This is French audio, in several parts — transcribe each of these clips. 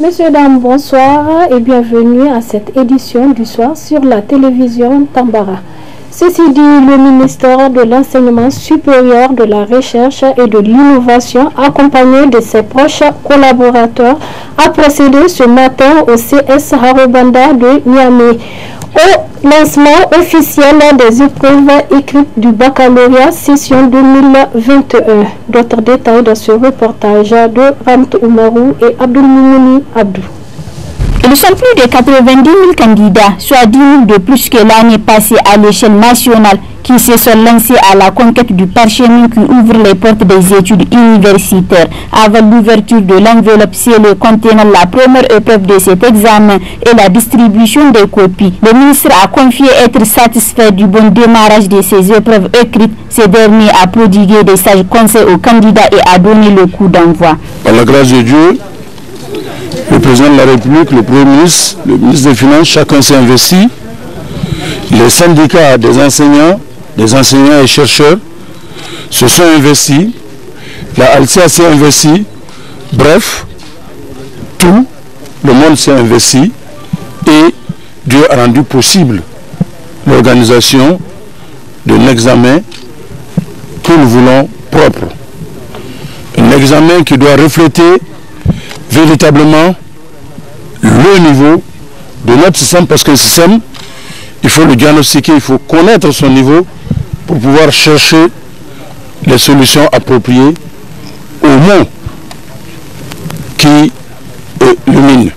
Messieurs, dames, bonsoir et bienvenue à cette édition du soir sur la télévision Tambara. Ceci dit, le ministère de l'Enseignement supérieur, de la Recherche et de l'Innovation, accompagné de ses proches collaborateurs, a procédé ce matin au CS Harobanda de Niamey au lancement officiel des épreuves écrites du baccalauréat session 2021. D'autres détails dans ce reportage de Ramt Oumarou et Abdul Abdou. Ils sont plus de 90 000 candidats, soit 10 000 de plus que l'année passée à l'échelle nationale, qui se sont lancés à la conquête du parchemin qui ouvre les portes des études universitaires. Avant l'ouverture de l'enveloppe scellée contenant la première épreuve de cet examen et la distribution des copies, le ministre a confié être satisfait du bon démarrage de ces épreuves écrites. Ces derniers a prodigué des sages conseils aux candidats et a donné le coup d'envoi. Par la grâce de Dieu, le président de la République, le Premier ministre, le ministre des Finances, chacun s'est investi. Les syndicats des enseignants, des enseignants et chercheurs se sont investis. La Alcia s'est investie. Bref, tout le monde s'est investi et Dieu a rendu possible l'organisation d'un examen que nous voulons propre. Un examen qui doit refléter véritablement le niveau de notre système parce que système, il faut le diagnostiquer, il faut connaître son niveau pour pouvoir chercher les solutions appropriées au monde qui illuminent.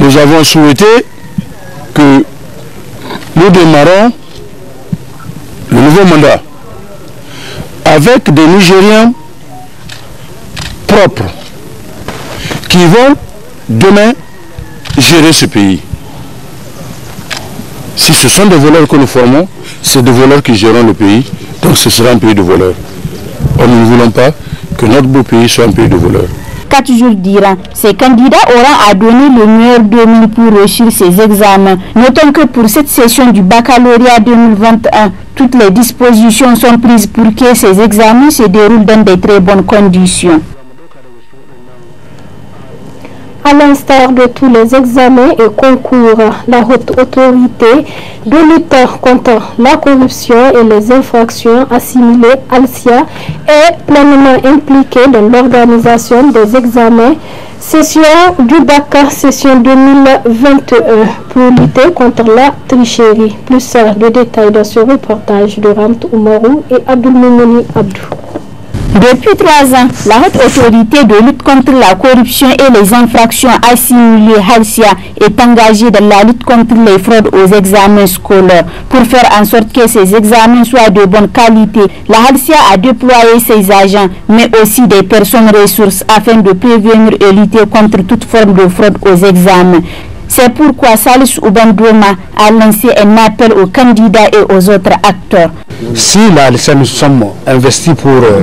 Nous avons souhaité que nous démarrons le nouveau mandat avec des Nigériens propres qui vont demain gérer ce pays. Si ce sont des voleurs que nous formons, c'est des voleurs qui géreront le pays, donc ce sera un pays de voleurs. nous ne voulons pas que notre beau pays soit un pays de voleurs. Quatre jours d'Iran, ces candidats auront à donner le meilleur de pour réussir ces examens. Notons que pour cette session du baccalauréat 2021, toutes les dispositions sont prises pour que ces examens se déroulent dans de très bonnes conditions. À l'instar de tous les examens et concours, la haute autorité de lutte contre la corruption et les infractions assimilées, Alcia, est pleinement impliquée dans l'organisation des examens Session du BACA, session 2021 pour lutter contre la tricherie. Plus de détails dans ce reportage de Ramt Oumarou et Abdul Abdou. Depuis trois ans, la haute autorité de lutte contre la corruption et les infractions assimilées Halsia est engagée dans la lutte contre les fraudes aux examens scolaires. Pour faire en sorte que ces examens soient de bonne qualité, la Halsia a déployé ses agents, mais aussi des personnes ressources afin de prévenir et lutter contre toute forme de fraude aux examens. C'est pourquoi Salis Oubandouma a lancé un appel aux candidats et aux autres acteurs. Si nous sommes investis pour euh,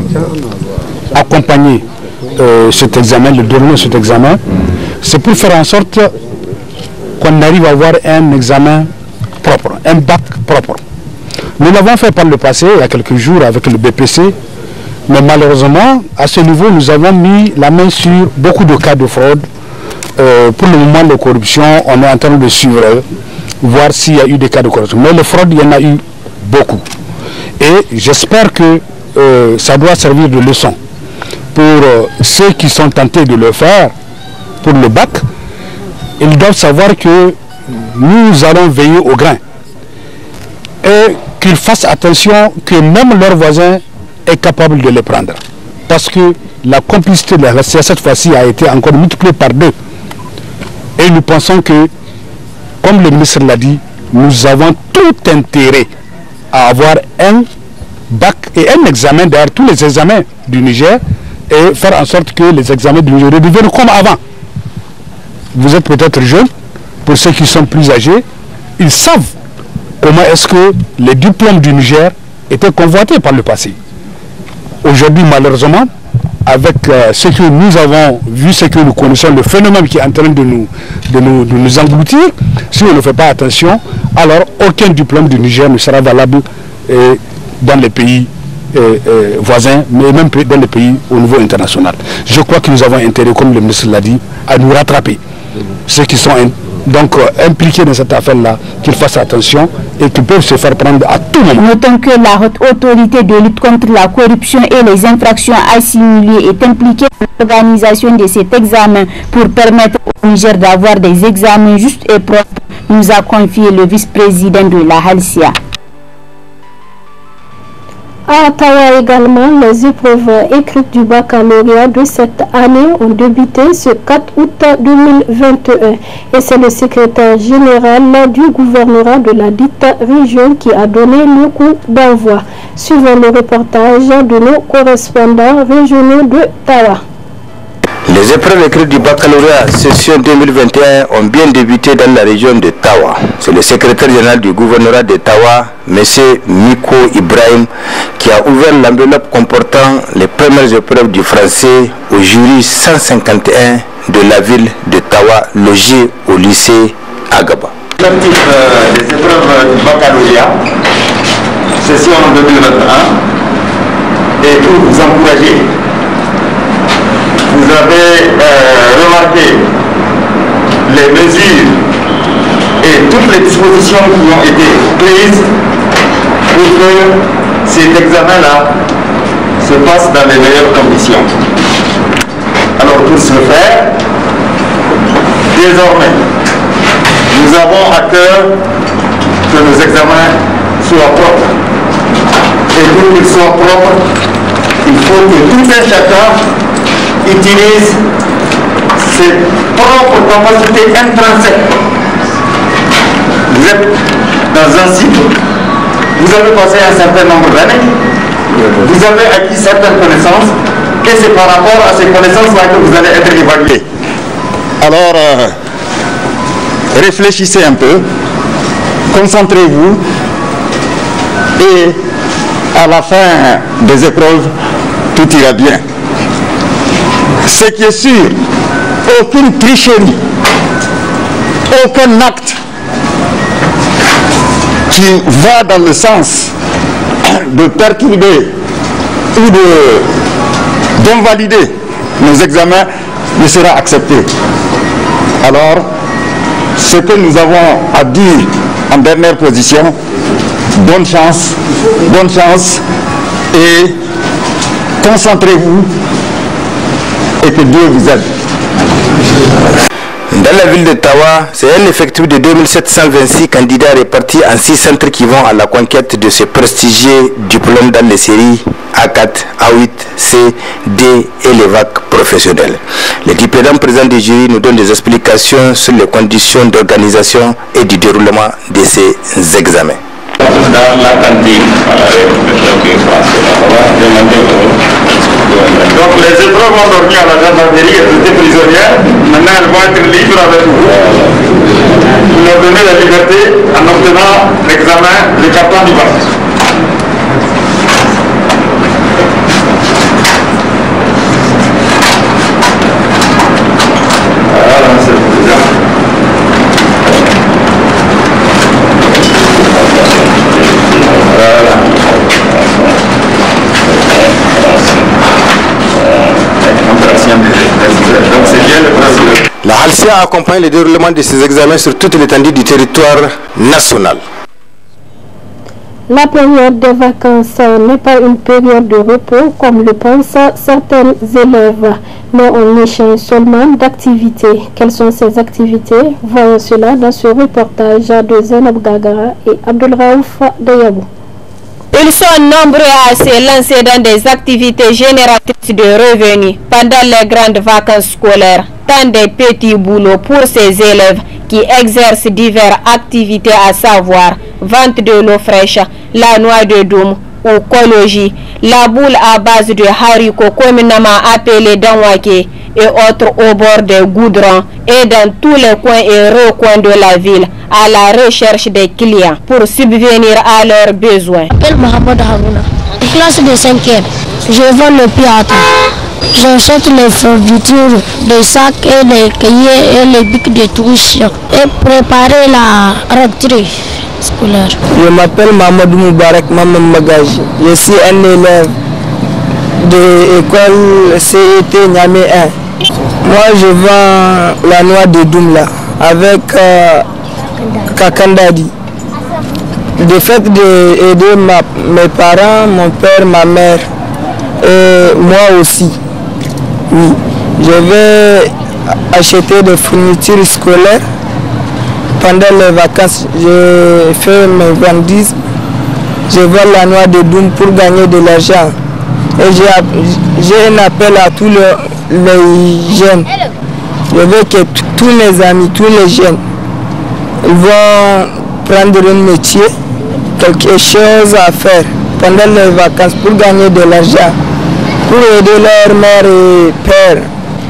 accompagner euh, cet examen, le dernier de cet examen, c'est pour faire en sorte qu'on arrive à avoir un examen propre, un bac propre. Nous l'avons fait par le passé, il y a quelques jours, avec le BPC, mais malheureusement, à ce niveau, nous avons mis la main sur beaucoup de cas de fraude euh, pour le moment, de corruption, on est en train de suivre, voir s'il y a eu des cas de corruption. Mais le fraude il y en a eu beaucoup. Et j'espère que euh, ça doit servir de leçon pour euh, ceux qui sont tentés de le faire, pour le bac. Ils doivent savoir que nous allons veiller au grain. Et qu'ils fassent attention que même leur voisin est capable de le prendre. Parce que la complicité de la cette fois-ci a été encore multipliée par deux. Et nous pensons que, comme le ministre l'a dit, nous avons tout intérêt à avoir un bac et un examen derrière tous les examens du Niger et faire en sorte que les examens du Niger deviennent comme avant. Vous êtes peut-être jeune, pour ceux qui sont plus âgés, ils savent comment est-ce que les diplômes du Niger étaient convoités par le passé. Aujourd'hui, malheureusement, avec euh, ce que nous avons vu, ce que nous connaissons, le phénomène qui est en train de nous, de nous, de nous engloutir, si on ne fait pas attention, alors aucun diplôme du Niger ne sera valable euh, dans les pays euh, voisins, mais même dans les pays au niveau international. Je crois que nous avons intérêt, comme le ministre l'a dit, à nous rattraper ceux qui sont donc euh, impliqués dans cette affaire-là, qu'ils fassent attention et qu'ils peuvent se faire prendre à tout moment. Notons que la haute autorité de lutte contre la corruption et les infractions assimilées est impliquée dans l'organisation de cet examen pour permettre au Niger d'avoir des examens justes et propres, nous a confié le vice-président de la Halcia. À Ottawa également, les épreuves écrites du baccalauréat de cette année ont débuté ce 4 août 2021 et c'est le secrétaire général du gouvernement de la dite région qui a donné le coup d'envoi. suivant le reportage de nos correspondants régionaux de Tawa. Les épreuves écrites du baccalauréat session 2021 ont bien débuté dans la région de Tawa. C'est le secrétaire général du gouvernorat de Tawa, M. Miko Ibrahim, qui a ouvert l'enveloppe comportant les premières épreuves du français au jury 151 de la ville de Tawa, logé au lycée Agaba. L'objectif euh, des épreuves du baccalauréat, session 2021, est pour vous encourager vous avez euh, remarqué les mesures et toutes les dispositions qui ont été prises pour que cet examen-là se passe dans les meilleures conditions. Alors pour ce faire, désormais, nous avons à cœur que nos examens soient propres. Et pour qu'ils soient propres, il faut que tout un chacun utilise ses propres capacités intrinsèques. Vous êtes dans un cycle, vous avez passé un certain nombre d'années, vous avez acquis certaines connaissances, et c'est par rapport à ces connaissances-là que vous allez être évalué. Alors, euh, réfléchissez un peu, concentrez-vous, et à la fin des épreuves, tout ira bien ce qui est sûr, aucune tricherie, aucun acte qui va dans le sens de perturber ou d'invalider nos examens ne sera accepté. Alors, ce que nous avons à dire en dernière position, bonne chance, bonne chance et concentrez-vous dans la ville de Tawa, c'est un effectif de 2726 candidats répartis en six centres qui vont à la conquête de ce prestigieux diplôme dans les séries A4, A8, C, D et les VAC professionnels. Les diplômes présents du jury nous donnent des explications sur les conditions d'organisation et du déroulement de ces examens donc les épreuves ont dormi à la gendarmerie, elles étaient prisonnières. Maintenant elles vont être libres avec vous. Vous leur donnez la liberté en obtenant l'examen, des cartons du parti. ainsi accompagner le déroulement de ces examens sur toute l'étendue du territoire national. La période de vacances euh, n'est pas une période de repos comme le pensent certains élèves, mais on échange seulement d'activités. Quelles sont ces activités Voyons cela dans ce reportage de Zainab Gagara et Abdelraouf Dayabou. Ils sont nombreux à se lancer dans des activités génératrices de revenus pendant les grandes vacances scolaires des petits boulots pour ses élèves qui exercent diverses activités à savoir vente de l'eau fraîche, la noix de doum ou la boule à base de haricots communément appelée danwake et autres au bord des goudrons et dans tous les coins et recoins de la ville à la recherche des clients pour subvenir à leurs besoins. Je classe de 5e. Je vends le pied J'achète les fournitures, les sacs et les cahiers et les bics de touche et préparer la rentrée scolaire. Je m'appelle Mamadou Moubarak Maman Magaji. Je suis un élève de l'école CET Niamé 1. Moi, je vends la noix de Doumla avec euh, Kakandadi. Le fait d'aider mes parents, mon père, ma mère et moi aussi. Oui, je vais acheter des fournitures scolaires. Pendant les vacances, je fais mes vendises. Je vends la noix de Doum pour gagner de l'argent. Et j'ai un appel à tous les, jeunes. Je veux que tous mes amis, tous les jeunes, vont prendre un métier, quelque chose à faire pendant les vacances pour gagner de l'argent pour aider leur mère et père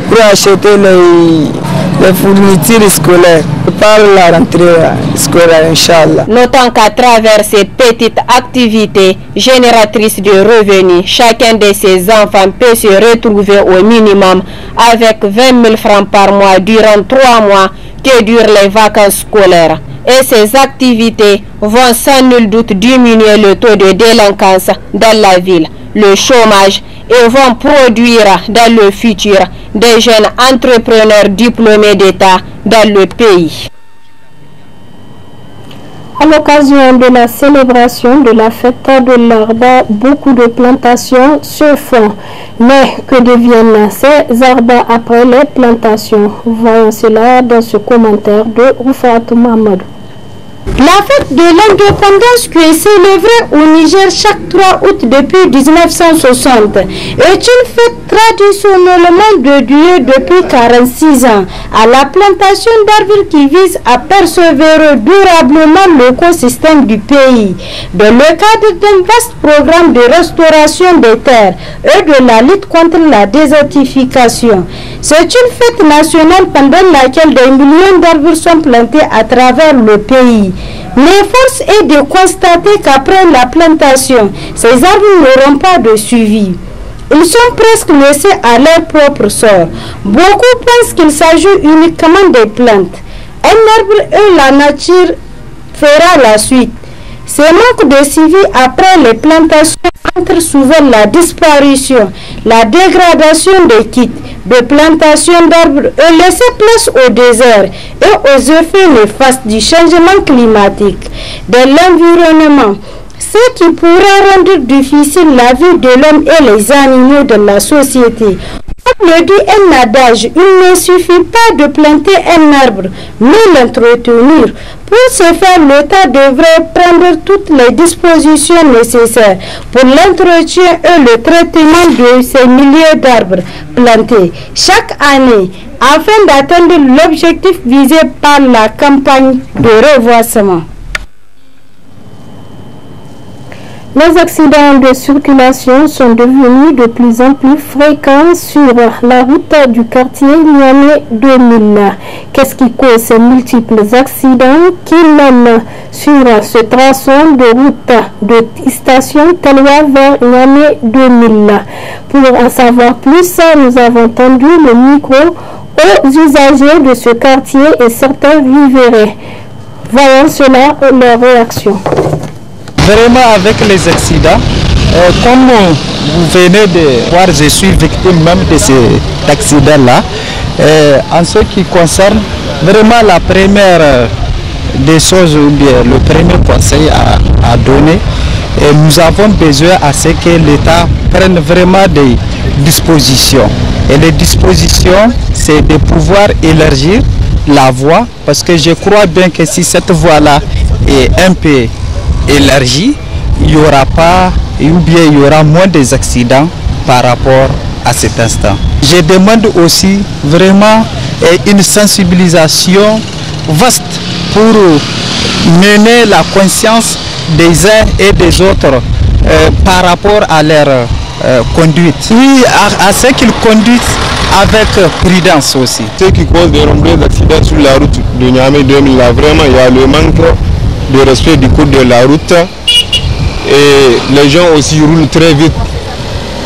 pour acheter les, les fournitures scolaires par la rentrée scolaire, Inch'Allah. Notant qu'à travers ces petites activités génératrices de revenus, chacun de ces enfants peut se retrouver au minimum avec 20 000 francs par mois durant trois mois que durent les vacances scolaires. Et ces activités vont sans nul doute diminuer le taux de délinquance dans la ville, le chômage et vont produire dans le futur des jeunes entrepreneurs diplômés d'État dans le pays. À l'occasion de la célébration de la fête de l'arba, beaucoup de plantations se font. Mais que deviennent ces arbres après les plantations Voyons cela dans ce commentaire de Rufat Mahmoud. La fête de l'indépendance qui est célébrée au Niger chaque 3 août depuis 1960 est une fête traditionnellement de Dieu depuis 46 ans à la plantation d'arbres qui vise à persévérer durablement l'écosystème du pays dans le cadre d'un vaste programme de restauration des terres et de la lutte contre la désertification. C'est une fête nationale pendant laquelle des millions d'arbres sont plantés à travers le pays. Mais force est de constater qu'après la plantation, ces arbres n'auront pas de suivi. Ils sont presque laissés à leur propre sort. Beaucoup pensent qu'il s'agit uniquement des plantes. Un arbre et la nature fera la suite. Ce manque de civils après les plantations entre souvent la disparition, la dégradation des kits de plantations d'arbres et laisser place au désert et aux effets néfastes du changement climatique, de l'environnement, ce qui pourra rendre difficile la vie de l'homme et les animaux de la société. Comme le dit un adage, il ne suffit pas de planter un arbre, mais l'entretenir. Pour ce faire, l'État devrait prendre toutes les dispositions nécessaires pour l'entretien et le traitement de ces milliers d'arbres plantés chaque année afin d'atteindre l'objectif visé par la campagne de revoissement. Les accidents de circulation sont devenus de plus en plus fréquents sur la route du quartier l'année 2000. Qu'est-ce qui cause ces multiples accidents qui mènent sur ce tronçon de route de station Teloua vers l'année 2000 Pour en savoir plus, nous avons tendu le micro aux usagers de ce quartier et certains vivraient. Voyons cela leur réaction. Vraiment avec les accidents, euh, comme vous venez de voir, je suis victime même de cet accident-là. Euh, en ce qui concerne vraiment la première euh, des choses ou bien le premier conseil à, à donner, nous avons besoin à ce que l'État prenne vraiment des dispositions. Et les dispositions, c'est de pouvoir élargir la voie, parce que je crois bien que si cette voie-là est un peu élargie, il n'y aura pas, ou bien il y aura moins des accidents par rapport à cet instant. Je demande aussi vraiment une sensibilisation vaste pour mener la conscience des uns et des autres euh, par rapport à leur euh, conduite. Oui, à, ce qu'ils conduisent avec prudence aussi. Ce qui cause des nombreux accidents sur la route de Niamey 2000, là, vraiment, il y a le manque de respect du code de la route et les gens aussi roulent très vite.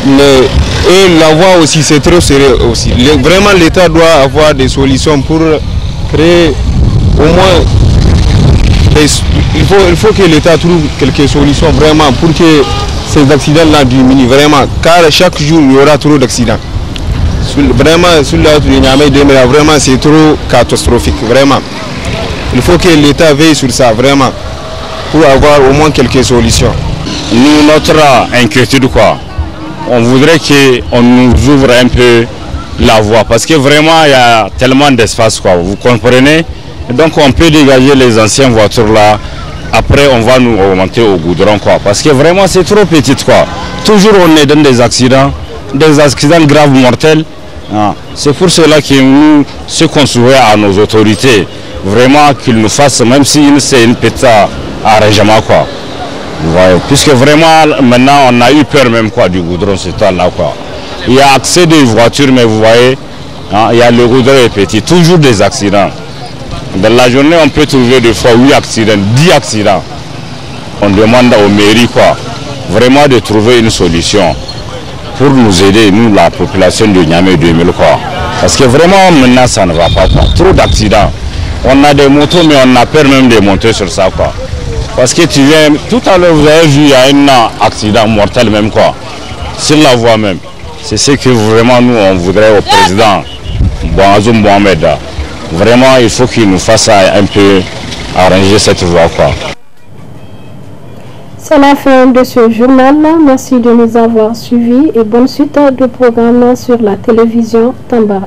Mais et la voie aussi, c'est trop serré aussi. vraiment, l'État doit avoir des solutions pour créer au moins... il, faut, il faut que l'État trouve quelques solutions vraiment pour que ces accidents-là diminuent vraiment. Car chaque jour, il y aura trop d'accidents. Vraiment, sur la route de Niamey, vraiment, c'est trop catastrophique. Vraiment. Il faut que l'État veille sur ça vraiment pour avoir au moins quelques solutions. Nous, notre inquiétude, quoi, on voudrait qu'on nous ouvre un peu la voie parce que vraiment il y a tellement d'espace, quoi, vous comprenez Donc on peut dégager les anciennes voitures là. Après, on va nous remonter au goudron, quoi. Parce que vraiment, c'est trop petit, quoi. Toujours, on est dans des accidents, des accidents graves, mortels. Ah, c'est pour cela que nous, ce qu'on à nos autorités, vraiment qu'il nous fasse, même si c'est une petite arrangement quoi. Vous voyez, puisque vraiment maintenant on a eu peur même quoi du goudron c'est temps-là quoi. Il y a accès des voitures, mais vous voyez, hein, il y a le goudron est petit, toujours des accidents. Dans la journée, on peut trouver des fois 8 accidents, 10 accidents. On demande aux mairies quoi, vraiment de trouver une solution pour nous aider, nous, la population de Niamey 2000 quoi. Parce que vraiment, maintenant, ça ne va pas. Quoi. Trop d'accidents. On a des motos, mais on a peur même de monter sur ça. Quoi. Parce que tu viens, tout à l'heure, vous avez vu, il y a un accident mortel même, quoi, sur la voie même. C'est ce que vraiment nous, on voudrait au président Bouazoum Mohamed. Vraiment, il faut qu'il nous fasse un peu arranger cette voie. Quoi. C'est la fin de ce journal. Merci de nous avoir suivis et bonne suite de programme sur la télévision Tambara.